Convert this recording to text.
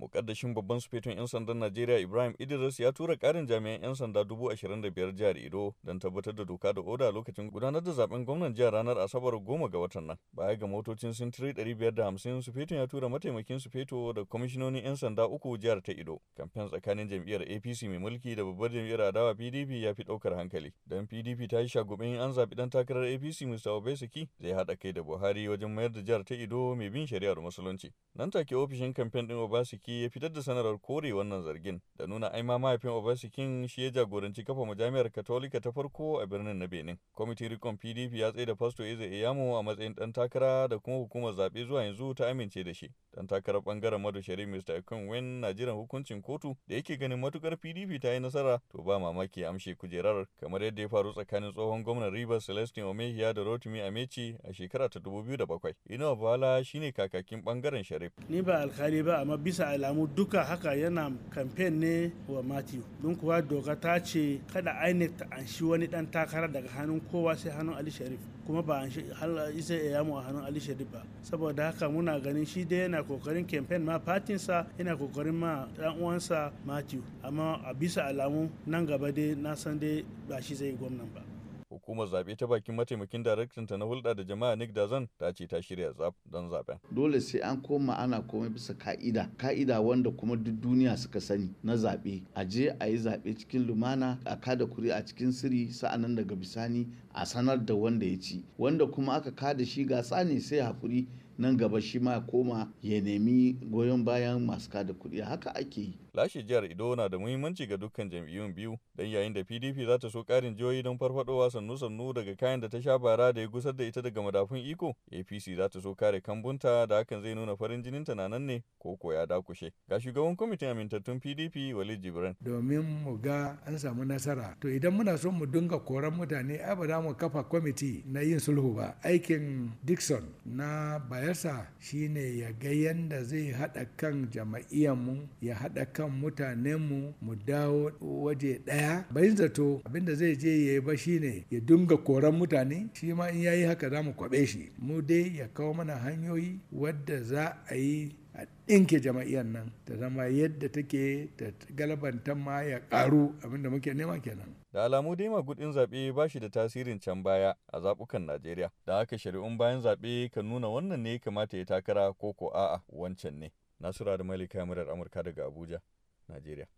mukaddashin babban sufeton 'yan sandan najeriya ibrahim idris ya tura karin jami'an 'yan sanda dubu ashirin jihar ido don tabbatar da doka da oda lokacin gudanar da zaben gwamnan jihar ranar asabar goma ga watan nan baya ga motocin sintiri ɗari biyar da hamsin sufetun ya tura mataimakin sufeto da kwamishinonin 'yan sanda uku jihar ta ido kamfen tsakanin jam'iyyar apc mai mulki da babbar jam'iyyar adawa pdp ya fi ɗaukar hankali don pdp ta yi shagubin an zaɓi dan takarar apc mr obesiki zai haɗa kai da buhari wajen mayar da jihar ta ido mai bin shari'ar musulunci nan take ofishin kamfen din obasiki Obaseki ya fitar da sanarar kore wannan zargin da nuna ai ma mahaifin Obasekin shi ya jagoranci kafa majami'ar Katolika ta farko a birnin na Benin. Kwamitin rikon PDP ya tsaye da fasto Eze Eyamo a matsayin ɗan takara da kuma hukumar zaɓe zuwa yanzu ta amince da shi. Dan takarar ɓangaren Madu Shari Mr. Wen na jiran hukuncin kotu da yake ganin matukar PDP ta yi nasara to ba mamaki amshe kujerar kamar yadda ya faru tsakanin tsohon gwamnan Rivers Celestin Omehiya da Rotimi Amechi a shekara ta 2007. Inuwa Bala shine kakakin bangaren Sharif. Ni ba alkali ba amma bisa alamu duka haka yana kamfen ne wa matthew don kuwa doka ta ce kada inec ta anshi wani dan takara daga hannun kowa sai hannun ali sharif kuma ba anshi isa yamu a hannun ali sharif ba saboda haka muna ganin shi dai yana kokarin kamfen ma fatinsa yana kokarin ma dan uwansa matthew amma a bisa alamu nan gaba dai na san dai ba shi zai gwamnan ba hukumar zaɓe ta bakin mataimakin ta na hulɗa da jama'a Nick Dazan ta ce ta shirya zaf don zaɓen. Dole sai an koma ana komai bisa ka'ida, ka'ida wanda kuma duk duniya suka sani na zaɓe. A je a yi zaɓe cikin lumana, a kada kuri a cikin sirri, sa'anan daga bisani a sanar da wanda ya ci. Wanda kuma aka kada shi gasa ne sai hakuri nan gaba shi ma koma ya nemi goyon bayan masu kada kuɗi haka ake yi. Lashe jihar Ido na da muhimmanci ga dukkan jam'iyyun biyu don yayin da PDP za ta so ƙarin jihohi don farfadowa sannu-sannu daga kayan da ta sha bara da ya gusar da ita daga madafun iko APC za ta so kare kambunta da hakan zai nuna farin jinin ta nan ne ko ko ya dakushe. Ga shugaban kwamitin amintattun PDP Walid Jibran. Domin mu ga an samu nasara to idan muna so mu dinga koran mutane ai ba za mu kafa kwamiti na yin sulhu ba aikin Dixon na bayan. manufarsa shine ya ga yanda zai haɗa kan mu ya haɗa kan mutanenmu mu dawo waje ɗaya bai zato abinda zai je ya yi ba shine ya dunga koran mutane shi ma in ya yi haka za mu kwaɓe shi mu dai ya kawo mana hanyoyi wadda za a yi a ɗinke jama'iyyar nan ta zama yadda take ta galabantan ma ya ƙaru abinda muke nema kenan. Da alamu dai magudin zaɓe ba shi da tasirin can baya a zaɓukan Najeriya, da haka shari'un bayan zaɓe kan nuna wannan ne kamata ya takara ko ko a'a wancan ne. Nasura da Malika Murar Amurka daga Abuja, Najeriya.